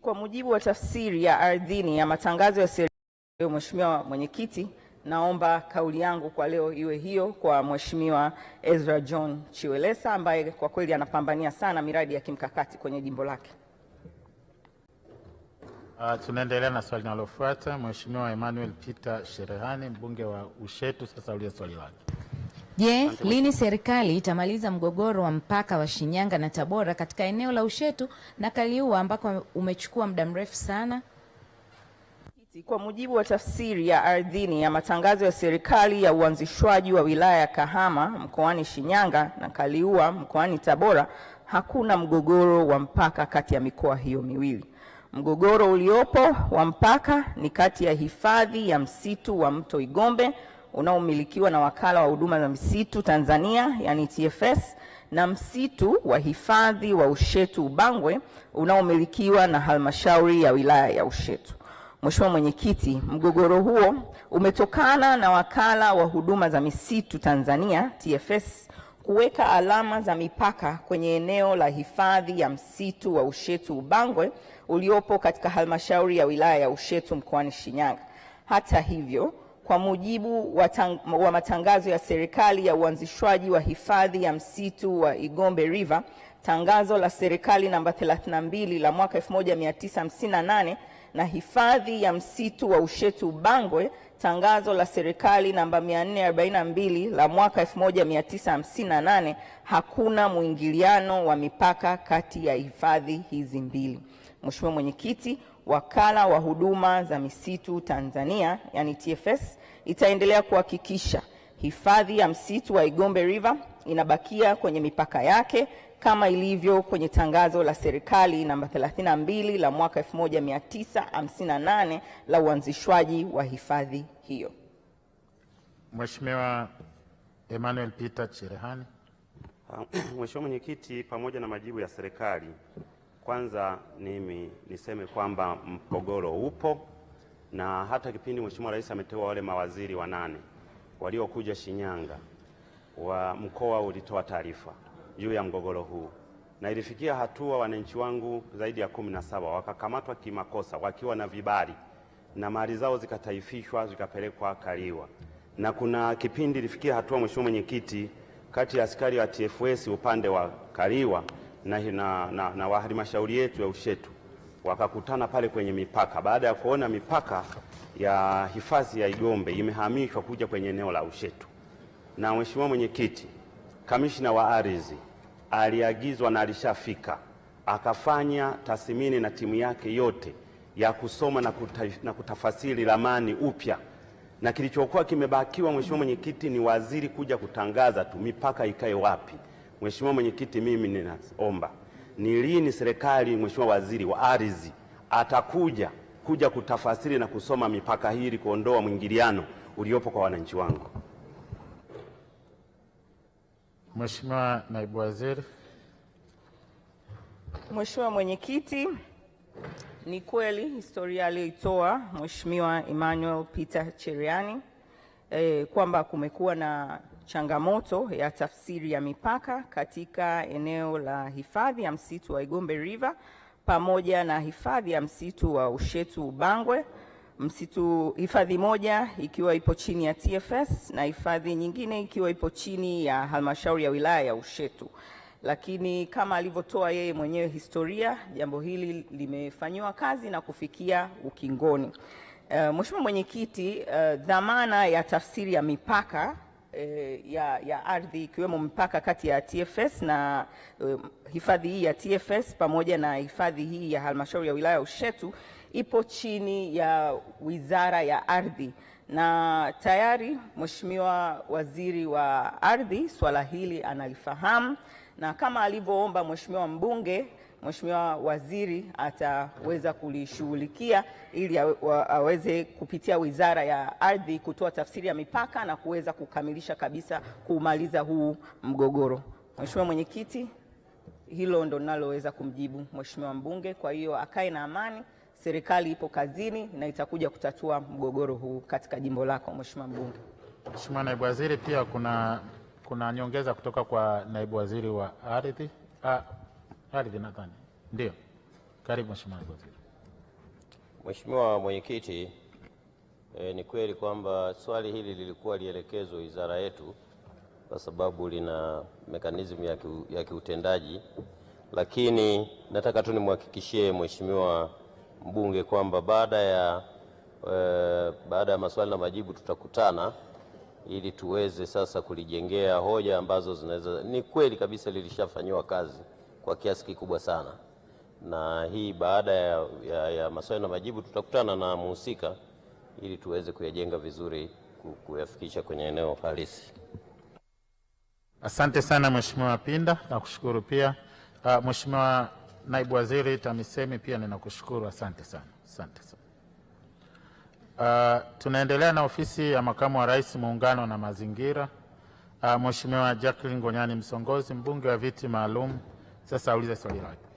Kwa mujibu wa tafsiri ya ardhini ya matangazo ya serikali, Mheshimiwa Mwenyekiti, naomba kauli yangu kwa leo iwe hiyo kwa Mheshimiwa Ezra John Chiwelesa ambaye kwa kweli anapambania sana miradi ya kimkakati kwenye jimbo lake. Uh, tunaendelea na swali linalofuata. Mheshimiwa Emmanuel Peter Sherehani, mbunge wa Ushetu, sasa uliye swali lake. Je, lini serikali itamaliza mgogoro wa mpaka wa Shinyanga na Tabora katika eneo la Ushetu na Kaliua ambako umechukua muda mrefu sana? Kwa mujibu wa tafsiri ya ardhini ya matangazo ya serikali ya uanzishwaji wa wilaya ya Kahama mkoani Shinyanga na Kaliua mkoani Tabora, hakuna mgogoro wa mpaka kati ya mikoa hiyo miwili. Mgogoro uliopo wa mpaka ni kati ya hifadhi ya msitu wa Mto Igombe unaomilikiwa na Wakala wa Huduma za Misitu Tanzania, yani TFS, na msitu wa hifadhi wa Ushetu Ubangwe unaomilikiwa na Halmashauri ya Wilaya ya Ushetu. Mheshimiwa Mwenyekiti, mgogoro huo umetokana na Wakala wa Huduma za Misitu Tanzania TFS kuweka alama za mipaka kwenye eneo la hifadhi ya msitu wa Ushetu Ubangwe uliopo katika halmashauri ya wilaya ya Ushetu mkoani Shinyanga. Hata hivyo kwa mujibu wa, tang, wa matangazo ya serikali ya uanzishwaji wa hifadhi ya msitu wa Igombe River, tangazo la serikali namba 32 la mwaka 1958 na hifadhi ya msitu wa Ushetu Bangwe, tangazo la serikali namba 442 la mwaka 1958, hakuna mwingiliano wa mipaka kati ya hifadhi hizi mbili. Mheshimiwa Mwenyekiti, Wakala wa Huduma za Misitu Tanzania, yani TFS, itaendelea kuhakikisha hifadhi ya msitu wa Igombe River inabakia kwenye mipaka yake kama ilivyo kwenye tangazo la serikali namba 32 la mwaka 1958 la uanzishwaji wa hifadhi hiyo. Mheshimiwa Emmanuel Peter Cherehani. Ah, Mheshimiwa Mwenyekiti, pamoja na majibu ya serikali kwanza mimi niseme kwamba mgogoro upo na hata kipindi Mheshimiwa Rais ameteua wale mawaziri wanane waliokuja Shinyanga wa mkoa ulitoa taarifa juu ya mgogoro huu, na ilifikia hatua wananchi wangu zaidi ya kumi na saba wakakamatwa kimakosa wakiwa na vibali na mali zao zikataifishwa zikapelekwa Kaliwa, na kuna kipindi ilifikia hatua Mheshimiwa Mwenyekiti, kati ya askari wa TFS upande wa Kaliwa na, na, na, na wa yetu ya Ushetu wakakutana pale kwenye mipaka, baada ya kuona mipaka ya hifadhi ya Igombe imehamishwa kuja kwenye eneo la Ushetu. Na mheshimiwa mwenyekiti, kamishina wa ardhi aliagizwa na alishafika akafanya tathmini na timu yake yote ya kusoma na, kuta, na kutafasiri ramani upya na kilichokuwa kimebakiwa, mheshimiwa mwenyekiti, ni waziri kuja kutangaza tu mipaka ikae wapi. Mheshimiwa Mwenyekiti, mimi ninaomba ni lini serikali, Mheshimiwa Waziri wa Ardhi atakuja kuja kutafasiri na kusoma mipaka hii ili kuondoa mwingiliano uliopo kwa wananchi wangu? Mheshimiwa Naibu Waziri. Mheshimiwa Mwenyekiti, ni kweli historia aliyoitoa Mheshimiwa Emmanuel Peter Cheriani eh, kwamba kumekuwa na changamoto ya tafsiri ya mipaka katika eneo la hifadhi ya msitu wa Igombe River pamoja na hifadhi ya msitu wa Ushetu Ubangwe, msitu hifadhi moja ikiwa ipo chini ya TFS na hifadhi nyingine ikiwa ipo chini ya halmashauri ya wilaya ya Ushetu. Lakini kama alivyotoa yeye mwenyewe historia, jambo hili limefanyiwa kazi na kufikia ukingoni. Uh, Mheshimiwa Mwenyekiti, uh, dhamana ya tafsiri ya mipaka eh, ya, ya ardhi ikiwemo mpaka kati ya TFS na eh, hifadhi hii ya TFS pamoja na hifadhi hii ya halmashauri ya wilaya Ushetu ipo chini ya Wizara ya Ardhi na tayari Mheshimiwa Waziri wa Ardhi swala hili analifahamu na kama alivyoomba Mheshimiwa mbunge Mheshimiwa Waziri ataweza kulishughulikia ili aweze kupitia Wizara ya Ardhi kutoa tafsiri ya mipaka na kuweza kukamilisha kabisa kuumaliza huu mgogoro. Mheshimiwa Mwenyekiti, hilo ndo linaloweza kumjibu Mheshimiwa mbunge. Kwa hiyo akae na amani, serikali ipo kazini na itakuja kutatua mgogoro huu katika jimbo lako Mheshimiwa mbunge. Mheshimiwa Naibu Waziri, pia kuna, kuna nyongeza kutoka kwa Naibu Waziri wa Ardhi. Ah, ardhi nadhani ndio. Karibu Mheshimiwa Naibu Waziri. Mheshimiwa Mwenyekiti, e, ni kweli kwamba swali hili lilikuwa lielekezo wizara yetu kwa sababu lina mekanizmu ya, ki, ya kiutendaji, lakini nataka tu nimhakikishie Mheshimiwa mbunge kwamba baada ya e, baada ya maswali na majibu tutakutana ili tuweze sasa kulijengea hoja ambazo zinaweza. Ni kweli kabisa lilishafanyiwa kazi kwa kiasi kikubwa sana, na hii baada ya, ya, ya maswali na majibu tutakutana na mhusika ili tuweze kuyajenga vizuri kuyafikisha kwenye eneo halisi. Asante sana Mheshimiwa Pinda, nakushukuru pia. Uh, Mheshimiwa Naibu Waziri TAMISEMI pia ninakushukuru, asante sana, asante sana. Uh, tunaendelea na ofisi ya Makamu wa Rais Muungano na Mazingira. Uh, Mheshimiwa Jacqueline Gonyani Msongozi, mbunge wa viti maalum sasa uliza swali lako.